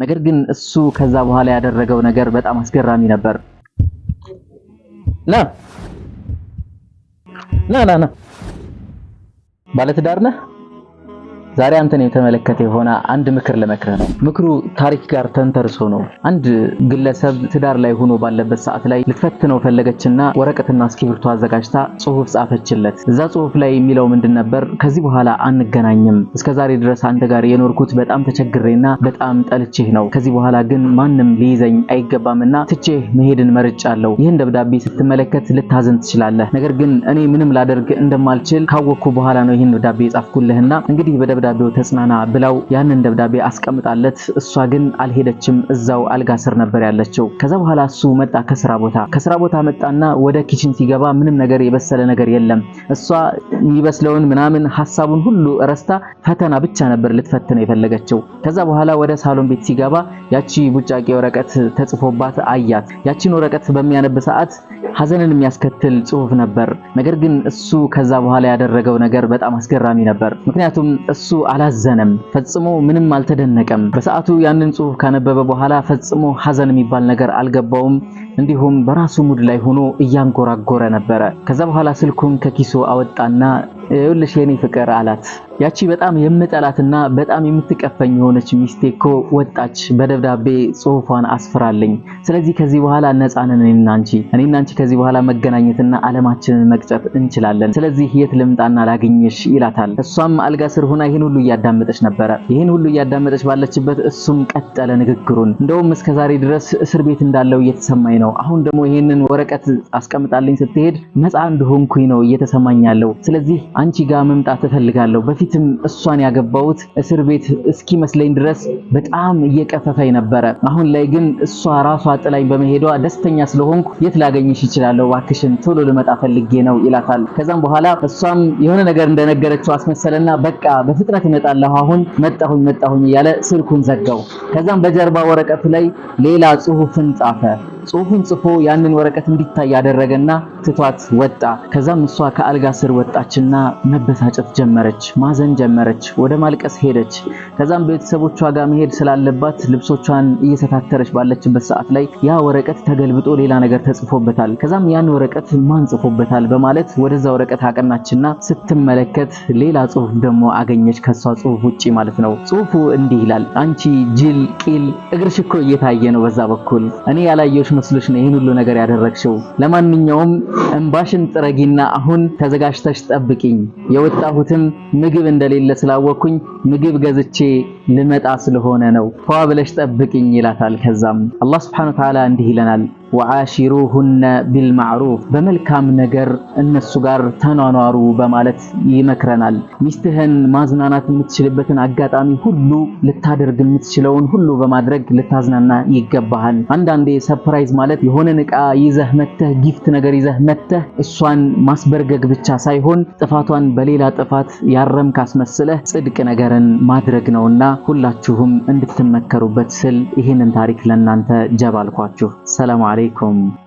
ነገር ግን እሱ ከዛ በኋላ ያደረገው ነገር በጣም አስገራሚ ነበር። ና ና ና ባለትዳር ነህ? ዛሬ አንተን የተመለከተ የሆነ አንድ ምክር ለመክረህ ነው። ምክሩ ታሪክ ጋር ተንተርሶ ነው። አንድ ግለሰብ ትዳር ላይ ሆኖ ባለበት ሰዓት ላይ ልትፈትነው ፈለገችና ወረቀትና እስክሪብቶ አዘጋጅታ ጽሁፍ ጻፈችለት። እዛ ጽሁፍ ላይ የሚለው ምንድን ነበር? ከዚህ በኋላ አንገናኝም። እስከ ዛሬ ድረስ አንተ ጋር የኖርኩት በጣም ተቸግሬና በጣም ጠልቼህ ነው። ከዚህ በኋላ ግን ማንም ሊይዘኝ አይገባምና ትቼህ መሄድን መርጫለሁ። ይህን ደብዳቤ ስትመለከት ልታዘን ትችላለህ። ነገር ግን እኔ ምንም ላደርግ እንደማልችል ካወቅኩ በኋላ ነው ይህን ደብዳቤ የጻፍኩልህና እንግዲህ በደብዳ ደብዳቤው ተጽናና ብላው ያንን ደብዳቤ አስቀምጣለት፣ እሷ ግን አልሄደችም። እዛው አልጋ ስር ነበር ያለችው። ከዛ በኋላ እሱ መጣ ከስራ ቦታ ከስራ ቦታ መጣና ወደ ኪችን ሲገባ ምንም ነገር የበሰለ ነገር የለም። እሷ የሚበስለውን ምናምን ሀሳቡን ሁሉ ረስታ ፈተና ብቻ ነበር ልትፈትነው የፈለገችው። ከዛ በኋላ ወደ ሳሎን ቤት ሲገባ ያቺ ቡጫቂ ወረቀት ተጽፎባት አያት። ያቺን ወረቀት በሚያነብ ሰዓት ሐዘንን የሚያስከትል ጽሁፍ ነበር። ነገር ግን እሱ ከዛ በኋላ ያደረገው ነገር በጣም አስገራሚ ነበር። ምክንያቱም እሱ አላዘነም፣ ፈጽሞ ምንም አልተደነቀም። በሰዓቱ ያንን ጽሁፍ ካነበበ በኋላ ፈጽሞ ሐዘን የሚባል ነገር አልገባውም። እንዲሁም በራሱ ሙድ ላይ ሆኖ እያንጎራጎረ ነበረ። ከዛ በኋላ ስልኩን ከኪሶ አወጣና ይኸውልሽ የኔ ፍቅር አላት። ያቺ በጣም የምጠላትና በጣም የምትቀፈኝ የሆነች ሚስቴ እኮ ወጣች፣ በደብዳቤ ጽሁፏን አስፍራለኝ። ስለዚህ ከዚህ በኋላ ነፃ ነን እኔና አንቺ እኔና አንቺ ከዚህ በኋላ መገናኘትና አለማችንን መቅጨት እንችላለን። ስለዚህ የት ልምጣና ላገኘሽ ይላታል። እሷም አልጋ ስር ሆና ይህን ሁሉ እያዳመጠች ነበረ። ይህን ሁሉ እያዳመጠች ባለችበት እሱም ቀጠለ ንግግሩን። እንደውም እስከዛሬ ድረስ እስር ቤት እንዳለው እየተሰማኝ ነው። አሁን ደግሞ ይህንን ወረቀት አስቀምጣልኝ ስትሄድ ነፃ እንደሆንኩኝ ነው እየተሰማኝ ያለው። ስለዚህ አንቺ ጋር መምጣት እፈልጋለሁ። በፊትም እሷን ያገባሁት እስር ቤት እስኪመስለኝ ድረስ በጣም እየቀፈፈኝ ነበረ። አሁን ላይ ግን እሷ ራሷ ጥላኝ በመሄዷ ደስተኛ ስለሆንኩ የት ላገኝሽ ይችላለሁ? እባክሽን ቶሎ ልመጣ ፈልጌ ነው ይላታል። ከዛም በኋላ እሷም የሆነ ነገር እንደነገረችው አስመሰለና በቃ በፍጥነት እመጣለሁ አሁን መጣሁኝ መጣሁኝ እያለ ስልኩን ዘጋው። ከዛም በጀርባ ወረቀቱ ላይ ሌላ ጽሑፍን ጻፈ። ጽሁፉን ጽፎ ያንን ወረቀት እንዲታይ ያደረገና ትቷት ወጣ። ከዛም እሷ ከአልጋ ስር ወጣችና መበሳጨት ጀመረች፣ ማዘን ጀመረች፣ ወደ ማልቀስ ሄደች። ከዛም ቤተሰቦቿ ጋር መሄድ ስላለባት ልብሶቿን እየተታተረች ባለችበት ሰዓት ላይ ያ ወረቀት ተገልብጦ ሌላ ነገር ተጽፎበታል። ከዛም ያን ወረቀት ማን ጽፎበታል በማለት ወደዛ ወረቀት አቀናችና ስትመለከት ሌላ ጽሁፍ ደግሞ አገኘች፣ ከሷ ጽሁፍ ውጪ ማለት ነው። ጽሁፉ እንዲህ ይላል፦ አንቺ ጅል ቂል፣ እግርሽ እኮ እየታየ ነው በዛ በኩል እኔ ያላየሁሽ መስሎሽ ነው ይህን ሁሉ ነገር ያደረግሽው? ለማንኛውም እምባሽን ጥረጊና አሁን ተዘጋጅተሽ ጠብቂኝ። የወጣሁትም ምግብ እንደሌለ ስላወቅኩኝ ምግብ ገዝቼ ልመጣ ስለሆነ ነው። ፏ ብለሽ ጠብቂኝ ይላታል። ከዛም አላህ ሱብሓነሁ ወተዓላ እንዲህ ይለናል ወዓሺሩሁነ ቢልማዕሩፍ በመልካም ነገር እነሱ ጋር ተኗኗሩ በማለት ይመክረናል። ሚስትህን ማዝናናት የምትችልበትን አጋጣሚ ሁሉ ልታደርግ የምትችለውን ሁሉ በማድረግ ልታዝናና ይገባሃል። አንዳንዴ ሰፕራይዝ ማለት የሆነን ዕቃ ይዘህ መተህ ጊፍት ነገር ይዘህ መተህ እሷን ማስበርገግ ብቻ ሳይሆን ጥፋቷን በሌላ ጥፋት ያረም ካስመስለህ ጽድቅ ነገርን ማድረግ ነውና ሁላችሁም እንድትመከሩበት ስል ይህንን ታሪክ ለእናንተ ጀባልኳችሁ። ሰላም अल्लाम